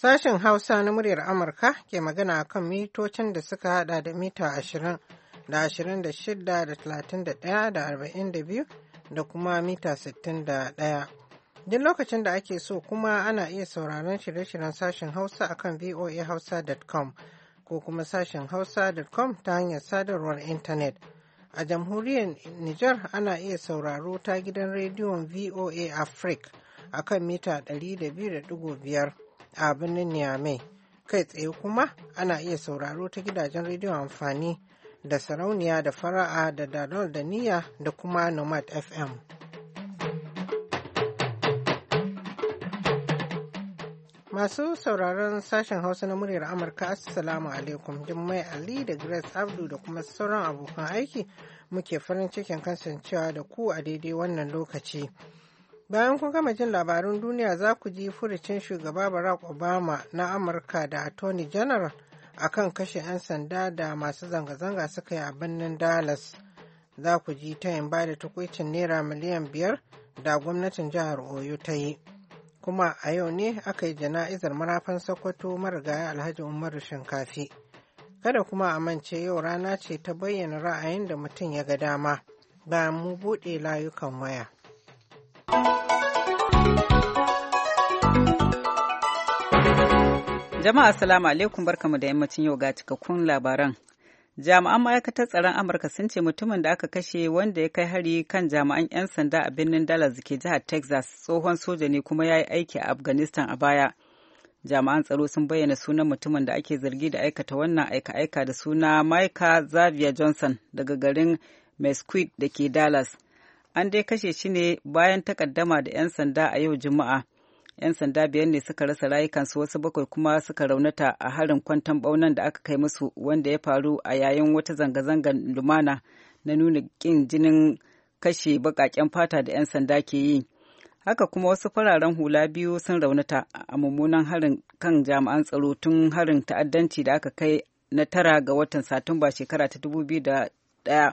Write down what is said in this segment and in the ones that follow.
Sashen Hausa na muryar Amurka ke magana kan mitocin da suka hada da mita 20 da 26 da 31 da 42 da kuma mita 61. Duk lokacin da ake so kuma ana iya sauraron shirye-shiryen sashen Hausa akan voahausa.com ko kuma sashen hausa.com ta hanyar sadarwar intanet. A jamhuriyar Nijar ana iya sauraro ta gidan rediyon VOA Africa akan mita 200.5. a birnin Niamey. Kai tsaye kuma ana iya sauraro ta gidajen rediyon amfani da sarauniya da fara'a da dadon da niyya da kuma nomad FM. Masu sauraron sashen Hausa na muryar Amurka Assalamu alaikum Jummai Ali da Grace Abdu da kuma sauran abokan aiki muke farin cikin kasancewa da ku a daidai wannan lokaci. Bayan kun gama jin labarun duniya za ku ji furucin shugaba Barack Obama na Amurka da Attorney General kan kashe 'yan sanda da masu zanga-zanga suka yi a birnin Dallas. Za ku ji tayin ba da tukwicin Naira miliyan biyar da gwamnatin jihar Oyo ta yi. Kuma a yau ne aka yi jana'izar marafan Sokoto marigaya Alhaji Umaru Shinkafi. Kada kuma a mance yau rana ce ta bayyana ra'ayin da mutum ya ga dama. Bayan mu buɗe layukan waya. Jama'a Assalamu alaikum barkamu da yammacin yau ga cikakkun labaran. Jami'an ma'aikatar tsaron Amurka sun ce mutumin da aka kashe wanda ya kai hari kan jami'an 'yan sanda a birnin Dallas ke jihar Texas tsohon soja ne kuma ya yi aiki a Afghanistan a baya. Jami'an tsaro sun bayyana sunan mutumin da ake zargi da aikata wannan aika-aika da suna Micah Xavier Johnson daga garin Mesquite da ke Dallas. an dai kashe shi ne bayan takaddama da 'yan sanda a yau juma'a 'yan sanda biyar ne suka rasa rayukansu wasu bakwai kuma suka raunata a harin kwantan baunan da aka kai musu wanda ya faru a yayin wata zanga-zangar lumana na nuna ƙin jinin kashe baƙaƙen fata da 'yan sanda ke yi haka kuma wasu fararen hula biyu sun raunata a mummunan harin kan jami'an tsaro tun harin ta'addanci da aka kai na tara ga watan satumba shekara ta dubu biyu da 2001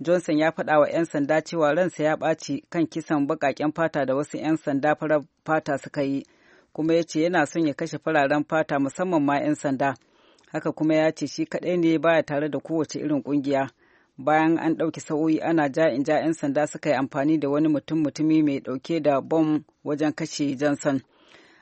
johnson ya faɗa wa 'yan sanda cewa ransa ya ɓaci kan kisan baƙaƙen fata da wasu 'yan sanda farar fata suka yi kuma ya ce yana son ya kashe fararen fata musamman ma 'yan sanda haka kuma ya ce shi kaɗai ne baya tare da kowace irin ƙungiya bayan an ɗauki sa'o'i ana ja in ja 'yan sanda suka yi amfani da wani mutum mutumi mai ɗauke da bom wajen kashe johnson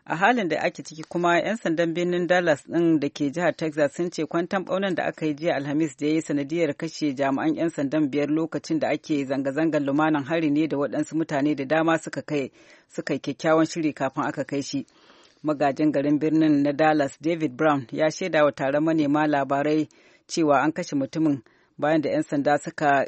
a halin da ake ciki kuma 'yan sandan birnin dallas ɗin da ke jihar texas sun ce kwantan ɓaunan da aka yi jiya alhamis da ya yi sanadiyar kashe jami'an 'yan sandan biyar lokacin da ake zanga-zangar lumanan hari ne da waɗansu mutane da dama suka kai suka kyakkyawan shiri kafin aka kai shi magajin garin birnin na dallas david brown ya shaida wa taron manema labarai cewa an kashe mutumin bayan da 'yan sanda suka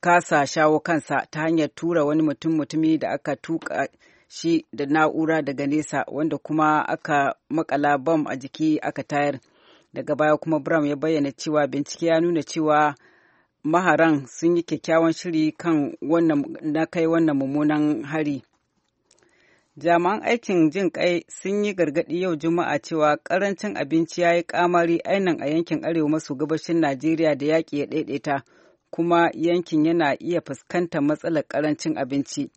kasa shawo kansa ta hanyar tura wani mutum mutumi da aka tuka shi da na'ura daga nesa wanda kuma aka makala bam a jiki aka tayar daga baya kuma brown ya bayyana cewa bincike ya nuna cewa maharan sun yi kyakkyawan shiri kan na kai wannan mummunan hari jami'an aikin jin kai sun yi gargadi yau juma'a cewa karancin abinci ya yi kamari ainihin a yankin arewa maso gabashin najeriya da yaƙi ya ɗaiɗaita kuma yankin yana iya fuskantar matsalar karancin abinci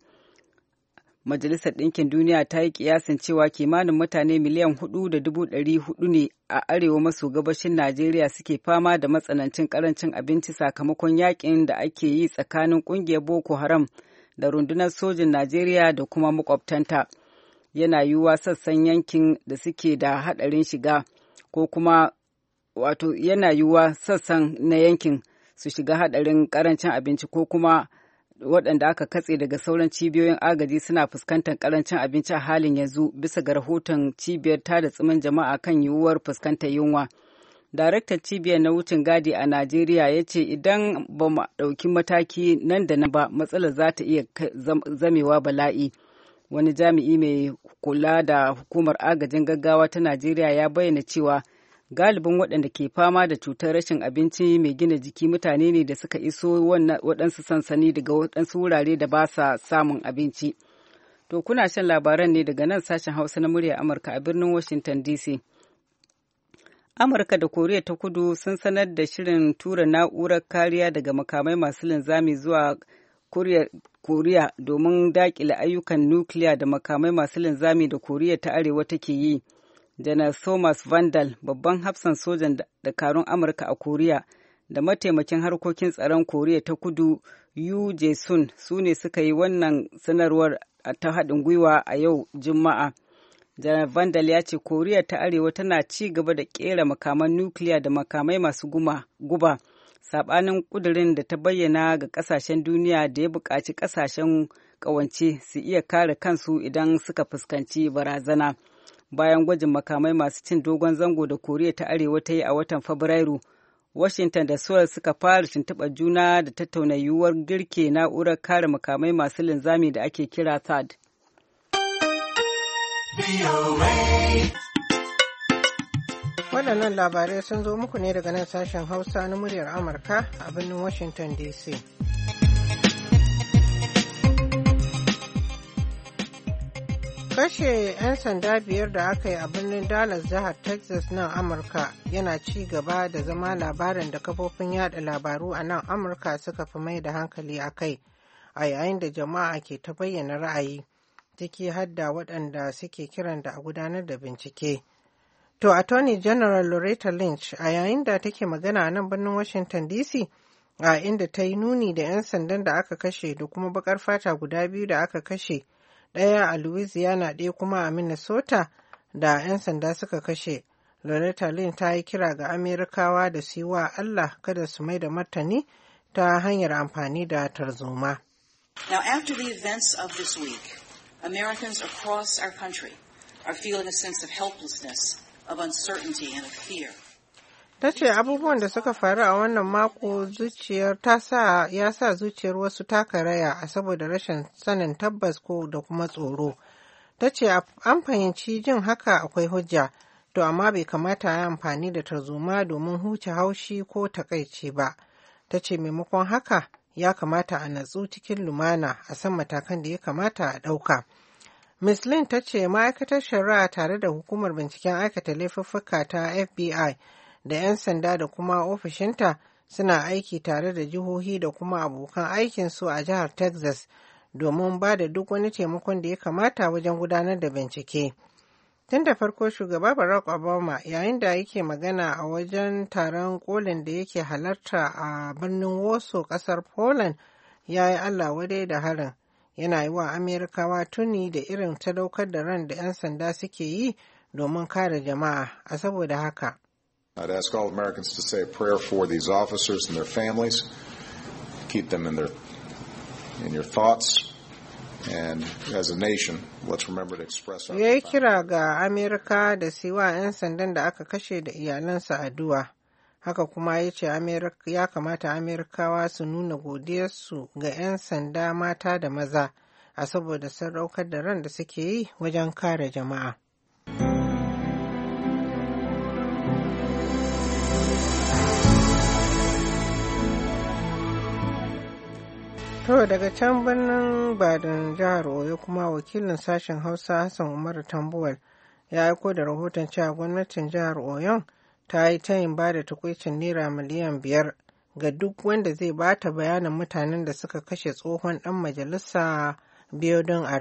Majalisar Ɗinkin Duniya ta yi kiyasin cewa kimanin mutane miliyan hudu da dubu ɗari hudu ne a arewa maso gabashin Najeriya suke fama da matsanancin ƙarancin abinci sakamakon yakin da ake yi tsakanin ƙungiyar Boko Haram da rundunar sojin Najeriya da kuma makwabtanta. Yana yiwuwa sassan yankin da suke da haɗarin shiga ko kuma wato yana yiwuwa sassan na yankin su shiga haɗarin ƙarancin abinci ko kuma waɗanda aka katse daga sauran cibiyoyin agaji suna fuskantar karancin abinci a halin yanzu bisa ga rahoton cibiyar tada tsimin jama'a kan yiwuwar fuskantar yunwa. Daraktan cibiyar na wucin gadi a Najeriya ya ce idan ba mu ɗauki mataki nan da nan ba matsalar za ta iya zamewa bala'i. Wani jami'i mai kula da hukumar agajin gaggawa ta Najeriya ya bayyana cewa galibin waɗanda ke fama da cutar rashin abinci mai gina jiki mutane ne da suka iso waɗansu sansani daga waɗansu wurare da ba sa samun abinci to kuna shan labaran ne daga nan sashen hausa na murya amurka a birnin washington dc amurka da koriya ta kudu sun sanar da shirin tura na'urar kariya daga makamai masu linzami zuwa koriya domin daƙile ayyukan nukiliya da makamai masu linzami da koriya ta arewa take yi janar thomas vandal babban hafsan sojan dakarun amurka a koriya da mataimakin harkokin tsaron koriya ta kudu yu Sun su ne suka yi wannan sanarwar ta haɗin gwiwa a yau juma'a janar vandal ya ce koriya ta arewa tana ci gaba da ƙera makaman nukiliya da makamai masu guba saɓanin ƙudurin da ta bayyana ga ƙasashen duniya da ya buƙaci ƙasashen ƙawance su iya kare kansu idan suka fuskanci barazana. bayan gwajin makamai masu cin dogon zango da koriya ta arewa ta yi a watan fabrairu washington da seoul suka fara tuntuɓar juna da tattauna yiwuwar girke na'urar kare makamai masu linzami da ake kira thad waɗannan labarai sun zo muku ne daga nan sashen hausa na muryar amurka a birnin washington dc Kashe 'yan sanda biyar da aka yi a birnin Dallas jihar Texas nan Amurka yana ci gaba da zama labarin da kafofin yada labaru a nan Amurka suka fi mai da hankali a kai a yayin da jama'a ke ta bayyana ra'ayi ciki hadda waɗanda suke kiran da a gudanar da bincike. To Attorney General Loretta Lynch a yayin da take magana a nan birnin Washington DC a inda ta yi nuni da 'yan sandan da aka kashe da kuma baƙar fata guda biyu da aka kashe. ɗaya a louisiana ɗaya kuma a minnesota da 'yan sanda suka kashe loretta lynn ta yi kira ga amerikawa da su yi wa allah kada su mai da martani ta hanyar amfani da tarzoma now after the events of this week americans across our country are feeling a sense of helplessness of uncertainty and of fear ta ce abubuwan da suka faru a wannan mako zuciyar ya sa zuciyar wasu taka raya, a saboda rashin sanin tabbas ko da kuma tsoro ta ce an fahimci jin haka akwai hujja to amma bai kamata ya amfani da tarzoma domin huce haushi ko takaici ba ta ce maimakon haka ya kamata a natsu cikin lumana a san matakan da ya kamata a ɗauka. Ms. Lin ta ce ma'aikatar shari'a tare da hukumar binciken aikata laifuffuka ta FBI da 'yan sanda da kuma ofishinta suna aiki tare da jihohi da kuma abokan aikinsu a jihar Texas domin ba da duk wani taimakon da ya kamata wajen gudanar da bincike. Tun da farko shugaba Barack Obama yayin da yake magana a wajen taron kolin da yake halarta a birnin Woso kasar Poland ya yi Allah wadai da harin. Yana yi wa Amerikawa tuni da irin ta daukar da ran da 'yan sanda suke yi domin kare jama'a, a saboda haka. I'd ask all Americans to say a prayer for these officers and their families. Keep them in their in your thoughts. And as a nation, let's remember to express our kira ga Amerika da sandan da aka kashe da iyalansa Haka kuma ya ce ya kamata Amerikawa su nuna godiyarsu ga 'yan sanda mata da maza a saboda da ran da suke yi wajen kare jama'a. To daga can birnin Badin jihar Oyo kuma wakilin sashen Hausa Hassan Umaru Tambuwal ya aiko da rahoton cewa gwamnatin jihar Oyo ta yi tayin ba da tukwicin naira miliyan biyar ga duk wanda zai bata bayanin mutanen da suka kashe tsohon dan majalisa biyu don a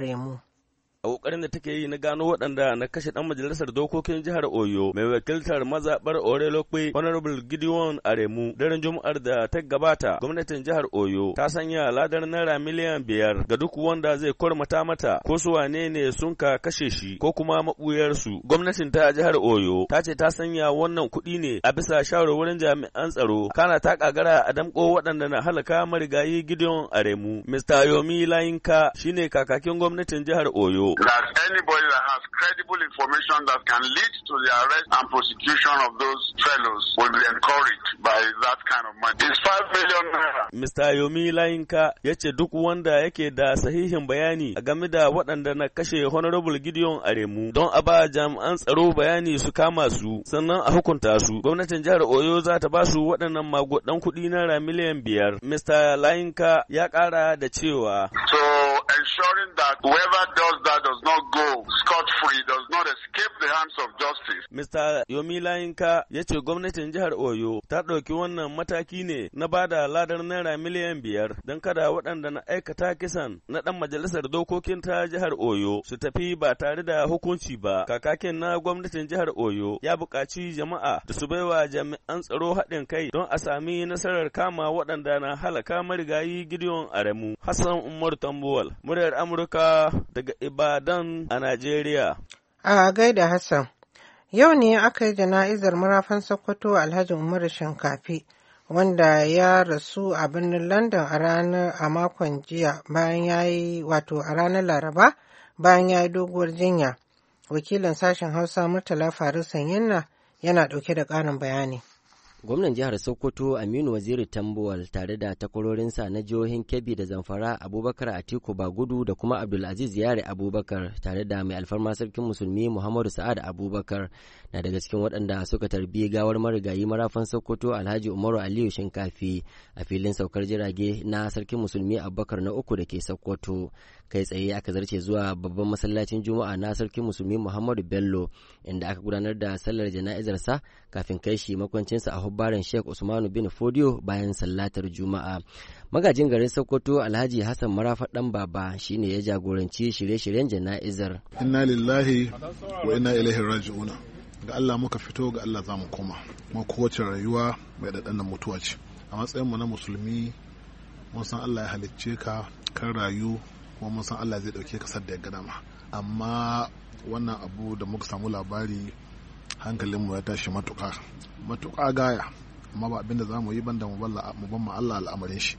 a kokarin da take yi na gano waɗanda na kashe dan majalisar dokokin jihar Oyo mai wakiltar mazabar Orelokwe Honorable Gideon Aremu daren Juma'ar da ta gabata gwamnatin jihar Oyo ta sanya ladar naira miliyan biyar ga duk wanda zai kormata mata ko su wane ne sun ka kashe shi ko kuma mabuyar su gwamnatin ta jihar Oyo ta ce ta sanya wannan kuɗi ne a bisa shawarwarin jami'an tsaro kana ta kagara a damko waɗanda na halaka marigayi Gideon Aremu Mr. Yomi Layinka shine kakakin gwamnatin jihar Oyo that anybody that has credible information that can lead to the arrest and prosecution of those fellows will be encouraged by that kind of money. It's five million naira. Mr. Yomi Layinka ya ce duk wanda yake da sahihin bayani a game da waɗanda na kashe Honorable Gideon Aremu don a ba jami'an tsaro bayani su kama su sannan a hukunta su. Gwamnatin jihar Oyo za ta ba su waɗannan magudan kuɗi naira miliyan biyar. Mr. Layinka ya ƙara da cewa. So ensuring that whoever does that does not go scot-free, does not escape the hands of justice. Mr. Yomi Layinka ya ce gwamnatin jihar Oyo ta ɗauki wannan mataki ne na ba da ladar naira miliyan biyar don kada waɗanda na aikata kisan na ɗan majalisar dokokin ta jihar Oyo su tafi ba tare da hukunci ba. Kakakin na gwamnatin jihar Oyo ya buƙaci jama'a da su baiwa jami'an tsaro haɗin kai don a sami nasarar kama waɗanda na halaka marigayi Gideon Aremu. Hassan Umar Tambuwal, muryar Amurka daga Ibadan a Najeriya. A gaida Hassan, yau ne aka yi jana'izar marafan Sokoto Alhaji umar Shinkafi, wanda ya rasu a birnin London a ranar a makon jiya bayan ya yi wato a ranar Laraba bayan ya yi doguwar jinya. Wakilin sashen Hausa Murtala Farisan yana ɗauke da ƙarin bayani. Gwamnan jihar Sokoto Aminu Waziri Tambuwal tare da takwarorinsa na jihohin Kebbi da Zamfara Abubakar Atiku Bagudu da kuma Abdulaziz Yare Abubakar tare da mai alfarma sarkin musulmi Muhammadu Sa'ad Abubakar na daga cikin waɗanda suka tarbi gawar marigayi marafan Sokoto Alhaji Umaru Aliyu Shinkafi a filin saukar jirage na sarkin musulmi Abubakar na uku da ke Sokoto. kai tsaye aka zarce zuwa babban masallacin juma'a na sarkin musulmi muhammadu bello inda aka gudanar da sallar jana'izarsa kafin kai shi makwancinsa a hubbaren sheikh usmanu bin fodiyo bayan sallatar juma'a magajin garin sokoto alhaji hassan marafa dan baba shine ya jagoranci shirye-shiryen jana'izar inna lillahi wa inna ilaihi raji'una ga allah muka fito ga allah za mu koma kuma kowace rayuwa mai daɗannan mutuwa ce a matsayinmu na musulmi mun san allah ya halicce ka kan rayu kuma mun san Allah zai dauke kasar da ya gada ma amma wannan abu da muka samu labari hankalin mu ya tashi matuka matuka gaya amma ba abinda za mu yi banda mu ban ma Allah al'amarin shi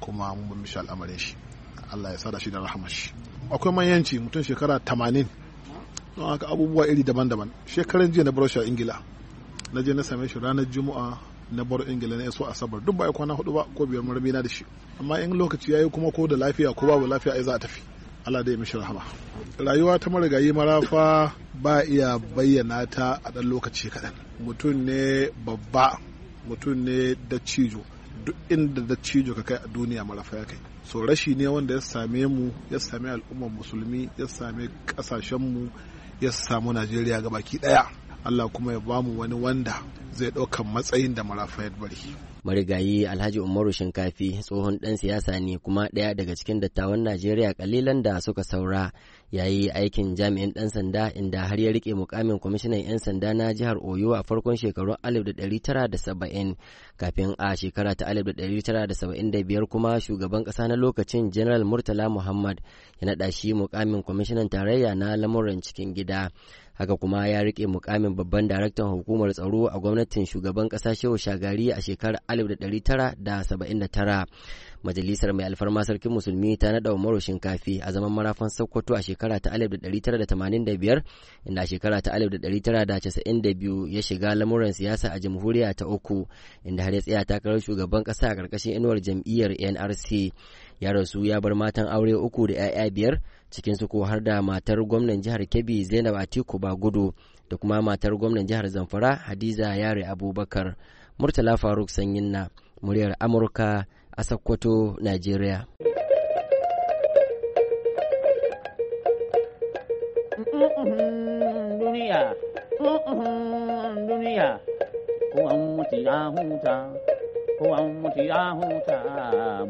kuma mun ban mishi al'amarin shi Allah ya sada shi da rahama shi akwai manyanci mutum shekara tamanin don abubuwa iri daban-daban shekaran jiya na bar ingila na je na same shi ranar juma'a na bar ingila na yaso asabar duk ba a kwana hudu ba ko biyar marabi na da shi amma in lokaci yayi kuma ko da lafiya ko babu lafiya ai za a tafi Allah da ya mishi rahama rayuwa ta marigayi marafa ba iya bayyana ta a ɗan lokaci kaɗan mutum ne babba mutum ne da cijo duk inda da cijo ka kai a duniya marafa ya kai so rashi ne wanda ya same mu ya same al'ummar musulmi ya same mu ya samu najeriya ga baki ɗaya Allah kuma ya bamu wani wanda zai ɗaukan matsayin da marafa bari. marigayi alhaji umaru shinkafi tsohon ɗan siyasa ne kuma ɗaya daga cikin dattawan najeriya kalilan da suka saura yayi aikin jami'in ɗan sanda inda har ya rike mukamin kwamishinan 'yan sanda na jihar oyo a farkon shekarun 1970 kafin a shekara ta 1975 kuma shugaban ƙasa na lokacin general murtala muhammad ya naɗa shi mukamin kwamishinan tarayya na lamuran cikin gida haka kuma ya rike mukamin babban daraktan hukumar tsaro a gwamnatin shugaban kasa shehu shagari a shekarar 1979 majalisar mai alfarma sarkin musulmi ta naɗa maro shinkafi a zaman marafan sokoto a shekara ta 1985 inda a shekara ta 1992 ya shiga lamuran siyasa a jamhuriya ta uku inda har ya tsaya takarar shugaban kasa a karkashin inuwar jam'iyyar nrc ya rasu ya bar matan aure uku da 'ya'ya biyar cikinsu ko har da matar gwamnan jihar kebbi zainab atiku gudu da kuma matar gwamnan jihar zamfara hadiza yare abubakar murtala faruk sanyin na muryar amurka a sakkwato najeriya duniya mutu ya huta ko an mutu ya huta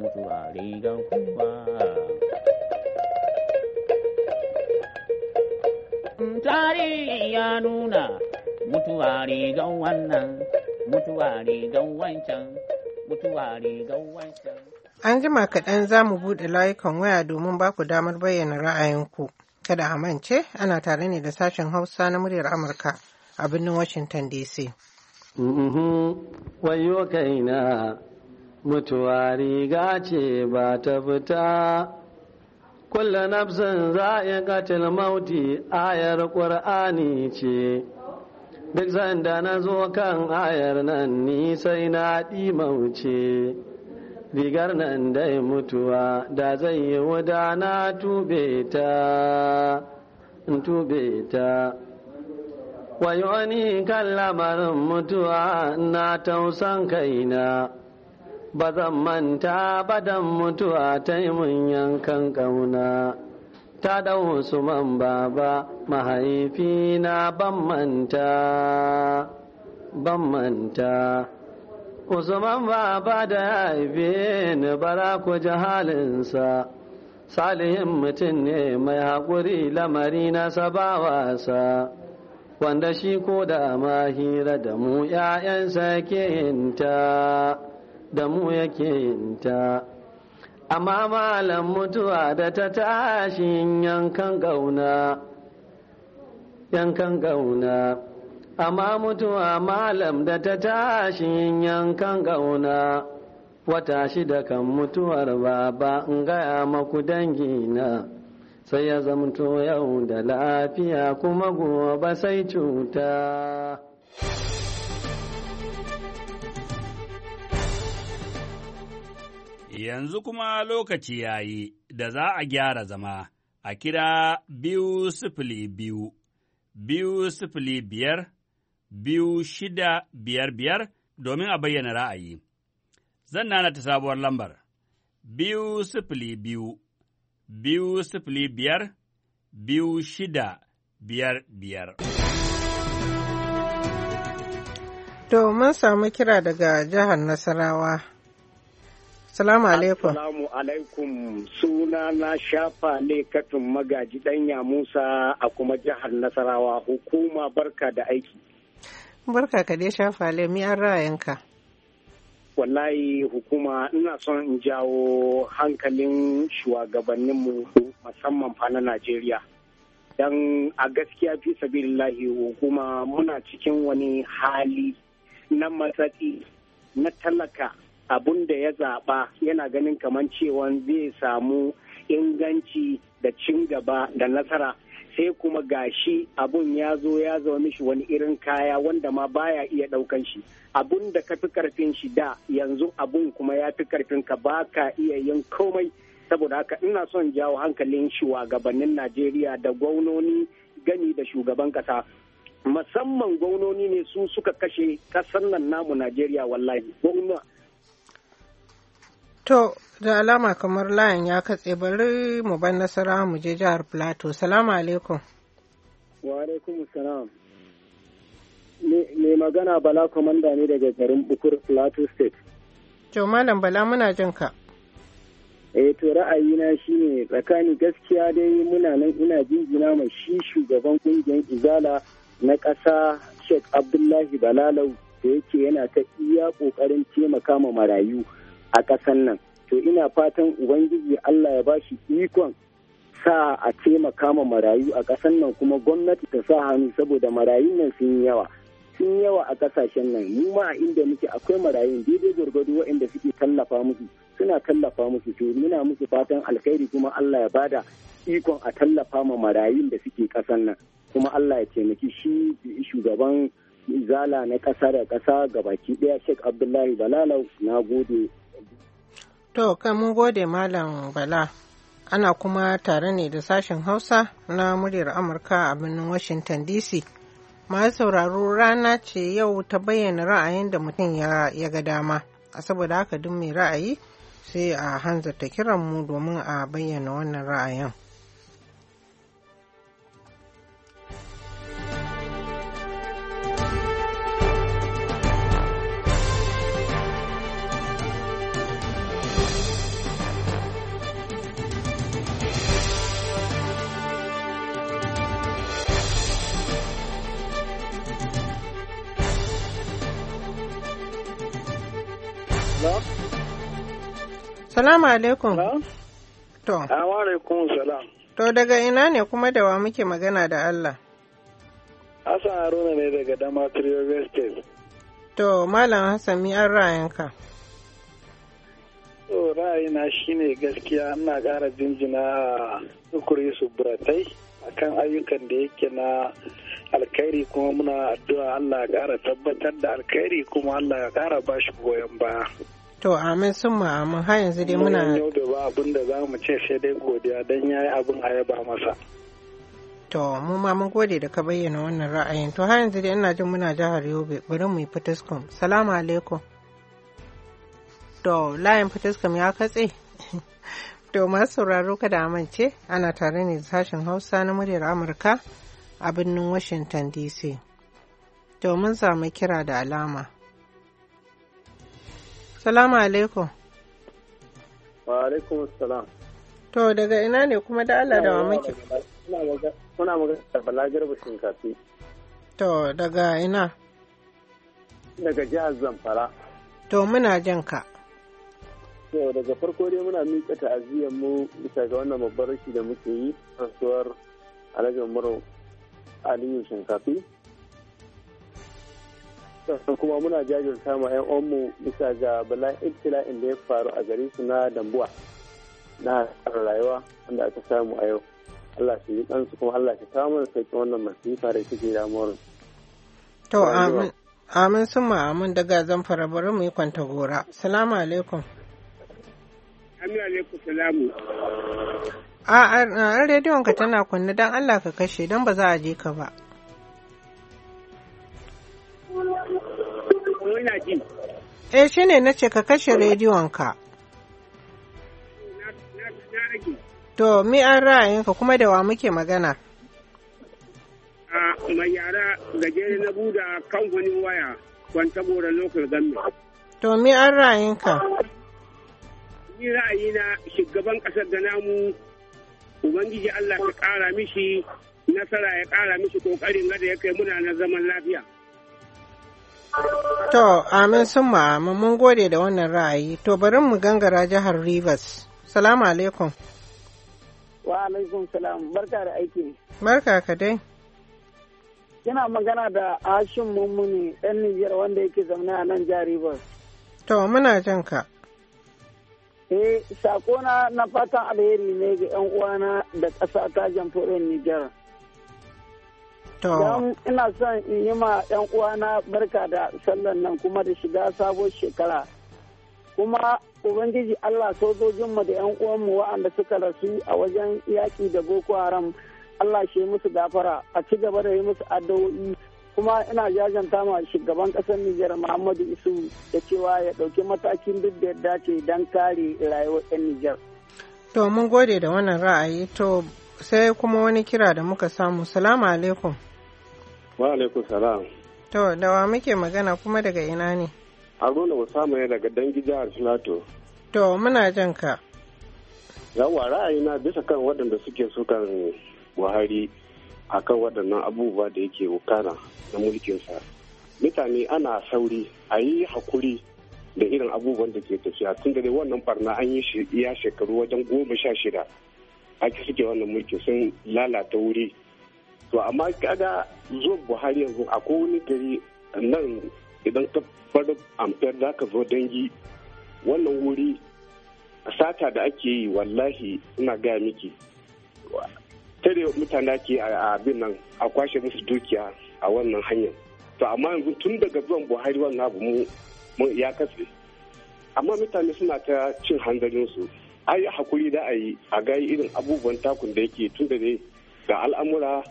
mutuwa rigar kuma tarihi ya nuna mutuwa rigan wannan mutuwa rigan wancan mutuwa rigan wancan an jima kaɗan za mu buɗe layukan waya domin ba ku damar bayyana ra'ayinku kada a mance ana tare ne da sashen hausa na muryar amurka a birnin washington dc wayo kaina mutuwa riga ce ba ta fita kulla nafsin za'iqatil mauti ayar ƙur'ani ce duk sanda na zo kan ayar nan ni sai na ɗi mauce rigar nan dai mutuwa da zai yi wuda na tube ta tube ta wani kan lamarin mutuwa na tausan kaina ba zan manta ba dan mutuwa ta yi mun yankan ƙauna ta ɗau Usman baba mahaifina ban manta ban manta Usman baba da ya haife ni bara ku ji halinsa salihin mutum ne mai haƙuri lamari na sabawasa wanda shi ko da mahira da mu ‘ya'yansa ke yinta. da mu yake yinta ta amma malam mutuwa da ta tashin yankan gauna yankan gauna amma mutuwa malam da ta tashin yankan gauna wata shida kan mutuwar baba in gaya maku dangina sai ya zamto yau da lafiya kuma gobe sai cuta. Yanzu kuma lokaci ya yi da za a gyara zama a kira biyu sifili biyu, biyu sifili biyar, biyu shida biyar biyar domin a bayyana ra'ayi. Zan nana ta sabuwar lambar, biyu sifili biyu, biyu sifili biyar, biyu shida biyar biyar. Domin samu kira daga jihar Nasarawa. Salamu alaikum. Salamu alaikum suna na shafa ne katun magaji danya Musa a kuma jihar Nasarawa hukuma barka da aiki. Barka ka dai shafa ne mi an ra'ayinka. Wallahi hukuma ina son in jawo hankalin shugabanninmu musamman fa na Najeriya. Dan a gaskiya fi sabilillahi hukuma muna cikin wani hali na matsatsi na talaka abun da ya zaɓa yana ganin kamar cewa zai samu inganci da cin gaba da nasara sai kuma gashi abun ya zo ya zama mishi wani irin kaya wanda ma baya iya ɗaukan shi abun da ka fi karfin shi da yanzu abun kuma ya fi karfin ka ba ka iya yin komai saboda haka ina son jawo hankalin shugabannin najeriya da gwamnoni gani da shugaban kasa musamman gwamnoni ne su suka kashe kasan nan namu najeriya wallahi gwamna To, da alama kamar layin ya katse bari mu ban nasara mu je jihar Plateau. Salamu alaikum. Wa alaikum salam. Mai magana Bala Komanda ne daga garin Bukur Plateau State. To, Malam Bala muna jin ka. eh to ra'ayina ne tsakani gaskiya dai muna nan ina jinjina mai shi shugaban kungiyar izala na ƙasa sheikh abdullahi balalau da yake yana ta iya ƙoƙarin taimaka ma marayu a ƙasan nan to ina fatan ubangiji allah ya bashi ikon sa a taimaka ma marayu a ƙasan nan kuma gwamnati ta sa hannu saboda marayun nan sun yi yawa sun yawa a ƙasashen nan mu ma a inda muke akwai marayun daidai gwargwado waɗanda suke tallafa musu suna tallafa musu to muna musu fatan alkhairi kuma allah ya bada ikon a tallafa ma marayun da suke ƙasan nan kuma allah ya taimaki shi shugaban zala na ƙasa da ƙasa gabaki ɗaya Sheikh abdullahi balalau na gode To, kai mun gode Malam Bala. Ana kuma tare ne da sashen Hausa na muryar Amurka a birnin Washington DC. Masu sauraro rana ce yau ta bayyana ra'ayin da mutum ya ga dama. A saboda haka duk mai ra'ayi sai a hanzarta kiran mu domin a bayyana wannan ra'ayin. Salamu alaikum. To. alaikum salam. To daga ina ne kuma da wa muke magana da Allah? Hassan Haruna ne daga Damatur Yobe State. To, Malam Hassan mi an ra'ayinka? To, ra'ayina shine gaskiya ana ƙara jinjina sukuri su buratai kan ayyukan da yake na alkhairi kuma muna addu'a Allah ya ƙara tabbatar da alkhairi kuma Allah ya ƙara shi goyon baya. To amin sun ma amin har yanzu muna. yau da ba abin da za mu ce sai dai godiya don ya yi abin a yaba masa. To mu ma mun gode da ka bayyana wannan ra'ayin. To har yanzu dai ina jin muna jihar Yobe bari mu yi fataskom. Salamu alaikum. To layin fataskom ya katse. To masu sauraro kada amince ana tare ne da sashen Hausa na muryar Amurka a birnin Washington DC. To mun samu kira da alama. Salamu alaikum. Wa alaikum salam. To daga ina ne kuma da Allah da wa muke? Muna magana da Bala Garba Shinkafi. To daga ina? Daga jihar Zamfara. To muna jan ka. To daga farko dai muna miƙa ta'aziyar mu bisa ga wannan babbar rashi da muke yi suwar Alhaji Umaru Aliyu Shinkafi. kuma muna jajirta ma 'yan uwanmu bisa ga bala'in da ya faru a garin su na dambuwa na tsara rayuwa wanda aka samu a yau Allah shi yi ɗansu kuma Allah shi kawo mana sauki wannan masifa da suke damuwar to amin amin sun ma amin daga zamfara bari mu yi kwanta gora salamu alaikum amin alaikum salamu a rediyon ka tana kunne don Allah ka kashe don ba za a je ka ba ina ji. Eh shi ne na ce ka kashe rediyonka. To, mi an ka kuma da wa muke magana? A mai yara gajere na buda kamfanin waya kwanta bora local government. To, mi an ra'ayinka? Ni ra'ayina shugaban ƙasar da namu, Ubangiji Allah ta ƙara mishi nasara ya ƙara mishi ƙoƙarin gada ya kai muna na zaman lafiya. To, amin sun ma'amin mun gode da wannan ra'ayi. To, bari mu gangara jihar Rivers. Salamu alaikum. Wa alaikum salam. Barka da aiki. Barka ka dai. Kina magana da Hashim Mummuni, ɗan Nijar wanda yake zaune a nan jihar Rivers. To, muna jan ka. Eh, sakona na fatan alheri ne ga 'yan uwana da ƙasa ta jamfurin Nijar. ina son in yi ma 'yan uwana barka da sallan nan kuma da shiga sabon shekara. Kuma Ubangiji Allah sojojinmu da 'yan uwanmu wa'anda suka rasu a wajen yaƙi da Boko Haram Allah shi musu gafara a ci gaba da yi musu addu'o'i kuma ina jajanta ma shugaban ƙasar Nijar Muhammadu Isu da cewa ya ɗauki matakin duk da ya dace don kare rayuwar 'yan Nijar. To mun gode da wannan ra'ayi to sai kuma wani kira da muka samu. Salamu alaikum. Wa alaikum salam. To, da wa muke magana kuma daga ina ne? Haruna Usama ya daga dangi jihar Filato. To, muna jan ka. Yawwa ra'ayina bisa kan waɗanda suke sukan Buhari a kan waɗannan abubuwa da yake wukana na mulkinsa. Mutane ana sauri a yi hakuri da irin abubuwan da ke tafiya tun da dai wannan barna an yi iya shekaru wajen goma sha shida ake suke wannan mulki sun lalata wuri to amma kaga zuwan buhari yanzu a wani gari nan idan ka bar amfiyar da ka zo dangi wannan wuri sata da ake yi wallahi ina gaya miki tare mutane ake a abin nan a kwashe musu dukiya a wannan hanyar to amma yanzu tun daga zuwan buhari wannan abu mu ya katse amma mutane suna ta cin hanzarinsu ai hakuri da a yi a gayi irin abubuwan takun da yake tun da ne ga al'amura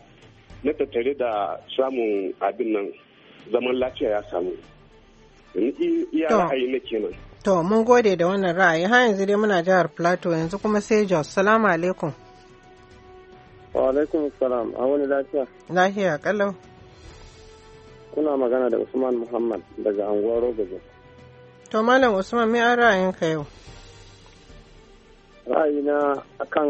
na tattare da samun abin nan zaman lafiya ya samu iya ra'ayi na kenan to mun gode da wannan ra'ayi har yanzu dai muna jihar plateau yanzu kuma sai jos salamu alaikum wa alaikum salam a wani lafiya lafiya kalau kuna magana da usman muhammad daga anguwar rogozo to malam usman me an ra'ayinka yau ra'ayina akan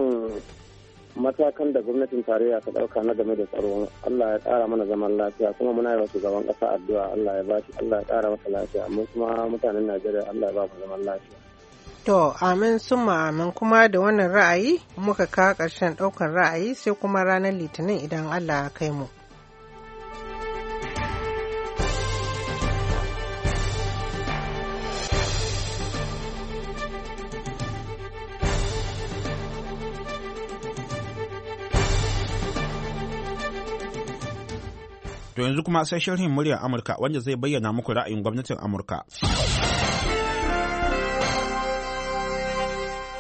matakan da gwamnatin tarayya ta dauka na game da tsaro Allah ya kara mana zaman lafiya kuma muna yi wa shugaban kasa addu'a Allah ya ba shi Allah ya kara masa lafiya mu kuma mutanen Najeriya Allah ya ba mu zaman lafiya To, amin summa amin kuma da wannan ra'ayi muka kawo ƙarshen ɗaukar ra'ayi sai kuma ranar litinin idan Allah ya kai mu. To yanzu kuma sai shirin muryar Amurka wanda zai bayyana muku ra'ayin gwamnatin Amurka.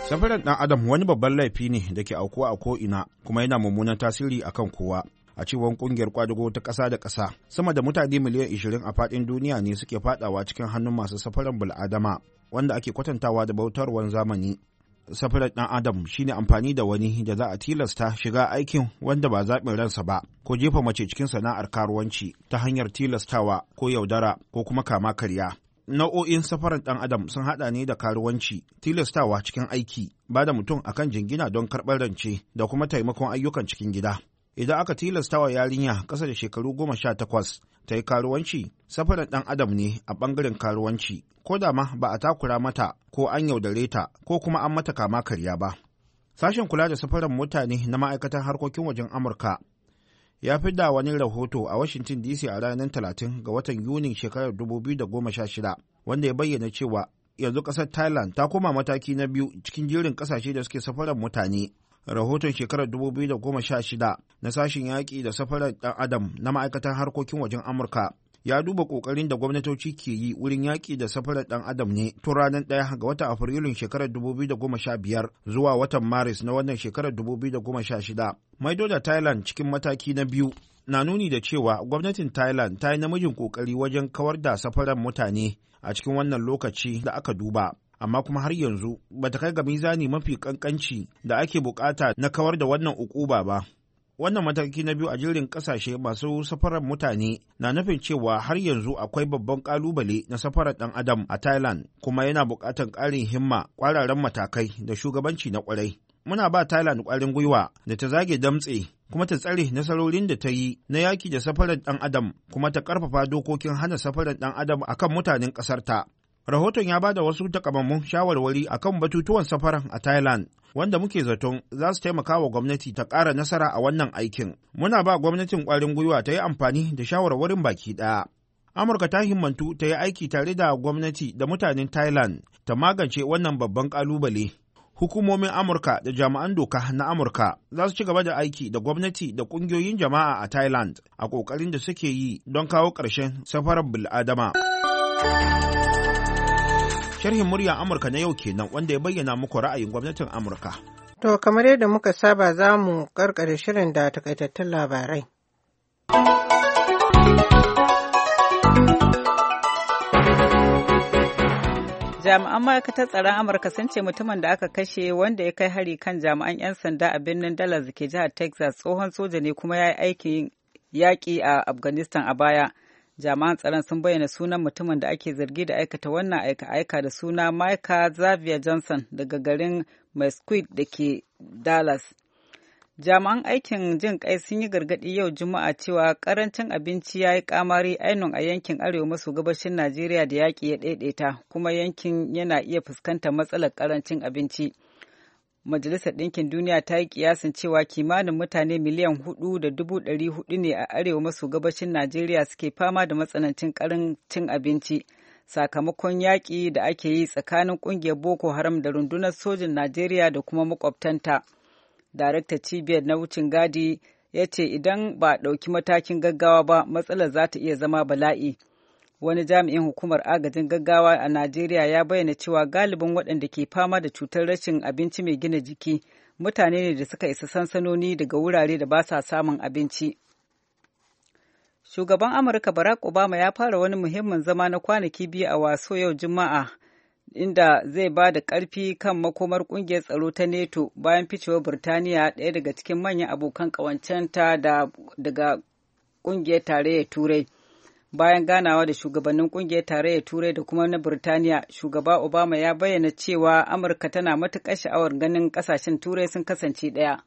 Safarar ɗan Adam wani babban laifi ne da ke aukuwa a ko'ina kuma yana mummunan tasiri a kan kowa. a cewar kungiyar kwadugo ta ƙasa da ƙasa sama da mutane miliyan 20 a faɗin duniya ne suke fadawa cikin hannun masu safaran bil'adama wanda ake kwatantawa da bautarwar zamani safarar ɗan adam shine amfani da wani da za a tilasta shiga aikin wanda ba zaɓin ransa ba ko jefa mace cikin sana'ar karuwanci ta hanyar tilastawa ko yaudara ko kuma kama karya nau'o'in safarar ɗan adam sun haɗa ne da karuwanci tilastawa cikin aiki ba da mutum akan jingina don karɓar rance da kuma taimakon ayyukan cikin gida idan aka tilasta wa yarinya kasa da shekaru goma sha takwas ta yi karuwanci safarar dan adam ne a bangaren karuwanci ko da ma ba a takura mata ko an yaudare ta ko kuma an mata kama karya ba sashen kula da safarin mutane na ma'aikatan harkokin wajen amurka ya fi da wani rahoto a washington dc a ranar talatin ga watan yunin shekarar 2016 wanda ya bayyana cewa yanzu kasar thailand ta koma mataki na biyu cikin jirin kasashe da suke safarar mutane rahoton shekarar 2016 na sashen yaƙi da safarar ɗan adam na ma'aikatan harkokin wajen amurka ya duba ƙoƙarin da gwamnatoci ke yi wurin yaƙi da safarar ɗan adam ne tun ranar ɗaya ga watan afrilun shekarar 2015 zuwa watan maris na wannan shekarar 2016 mai da thailand cikin mataki na biyu na nuni da cewa gwamnatin thailand ta yi namijin ƙoƙari wajen kawar da safarar mutane a cikin wannan lokaci da aka duba amma kuma har yanzu ba ta kai ga mizani mafi kankanci da ake bukata na kawar da wannan ukuba ba. Wannan mataki na biyu a jirin kasashe masu safarar mutane na nufin cewa har yanzu akwai babban kalubale na safarar dan adam a Thailand kuma yana bukatan ƙarin himma kwararren matakai da shugabanci na ƙwarai. Muna ba Thailand kwarin gwiwa da ta zage damtse kuma ta tsare nasarorin da ta yi na yaki da safarar dan adam kuma ta ƙarfafa dokokin hana safarar dan adam akan mutanen ƙasarta Rahoton ya bada wasu takamammun shawarwari a kan batutuwan safaran a Thailand, wanda muke zaton za su taimaka wa gwamnati ta ƙara nasara a wannan aikin. Muna ba gwamnatin ƙwarin gwiwa ta yi amfani da shawarwarin baki ɗaya. Amurka ta himmantu ta yi aiki tare da gwamnati da mutanen Thailand ta magance wannan babban ƙalubale. Hukumomin Amurka da jami'an doka na Amurka za su ci gaba da aiki da gwamnati da ƙungiyoyin jama'a a Thailand a ƙoƙarin da suke yi don kawo ƙarshen safarar bil'adama. Sharhin murya Amurka na yau kenan wanda ya bayyana muku ra'ayin gwamnatin Amurka. To kamar yadda muka saba za mu karkare shirin da takaitattun labarai. jami'an ma'aikatar tsaron amurka sun ce mutumin da aka kashe wanda ya kai hari kan jami'an 'yan sanda a birnin dallas da ke jihar texas tsohon soja ne kuma ya yi aikin yaƙi a afghanistan a baya jami'an tsaron sun bayyana sunan mutumin da ake zargi da aikata wannan aika-aika da suna Micah Xavier Johnson daga garin Mesquite da ke Dallas. Jami'an aikin jin kai sun yi gargaɗi yau Juma'a cewa karancin abinci ya yi kamari ainun a yankin arewa maso gabashin Najeriya da yaƙi ya ɗaiɗaita kuma yankin yana iya fuskantar matsalar karancin abinci. Majalisar Ɗinkin Duniya ta yi kiyasin cewa kimanin mutane miliyan hudu da dubu ɗari hudu ne a arewa maso gabashin Najeriya suke fama da matsanancin karancin abinci sakamakon yaƙi da ake yi tsakanin ƙungiyar Boko Haram da rundunar sojin Najeriya da kuma makwabtanta. Darakta cibiyar na wucin gadi ya ce idan ba a ɗauki matakin gaggawa ba matsalar za ta iya zama bala'i. wani jami'in hukumar agajin gaggawa a najeriya ya bayyana cewa galibin waɗanda ke fama da cutar rashin abinci mai gina jiki mutane ne da suka isa sansanoni daga wurare da ba sa samun abinci shugaban amurka barack obama ya fara wani muhimmin zama na kwanaki biyu a wasu yau juma'a inda zai ba da ƙarfi kan makomar ƙungiyar tsaro ta neto bayan ficewar birtaniya ɗaya daga cikin manyan abokan ƙawancenta daga ƙungiyar tarayyar turai bayan ganawa da shugabannin kungiyar tarayyar turai da kuma na birtaniya shugaba obama ya bayyana cewa amurka tana matuƙar sha'awar ganin ƙasashen turai sun kasance ɗaya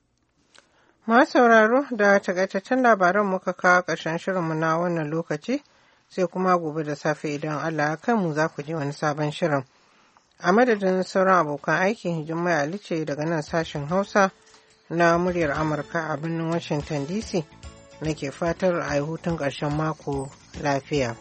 ma sauraro da takaitaccen labaran muka kawo ƙarshen shirinmu na wannan lokaci sai kuma gobe da safe idan allah ya mu za ku je wani sabon shirin a madadin sauran abokan aiki jummai ali ce daga nan sashen hausa na muryar amurka a birnin washington dc nake fatar a yi hutun ƙarshen mako lafiya.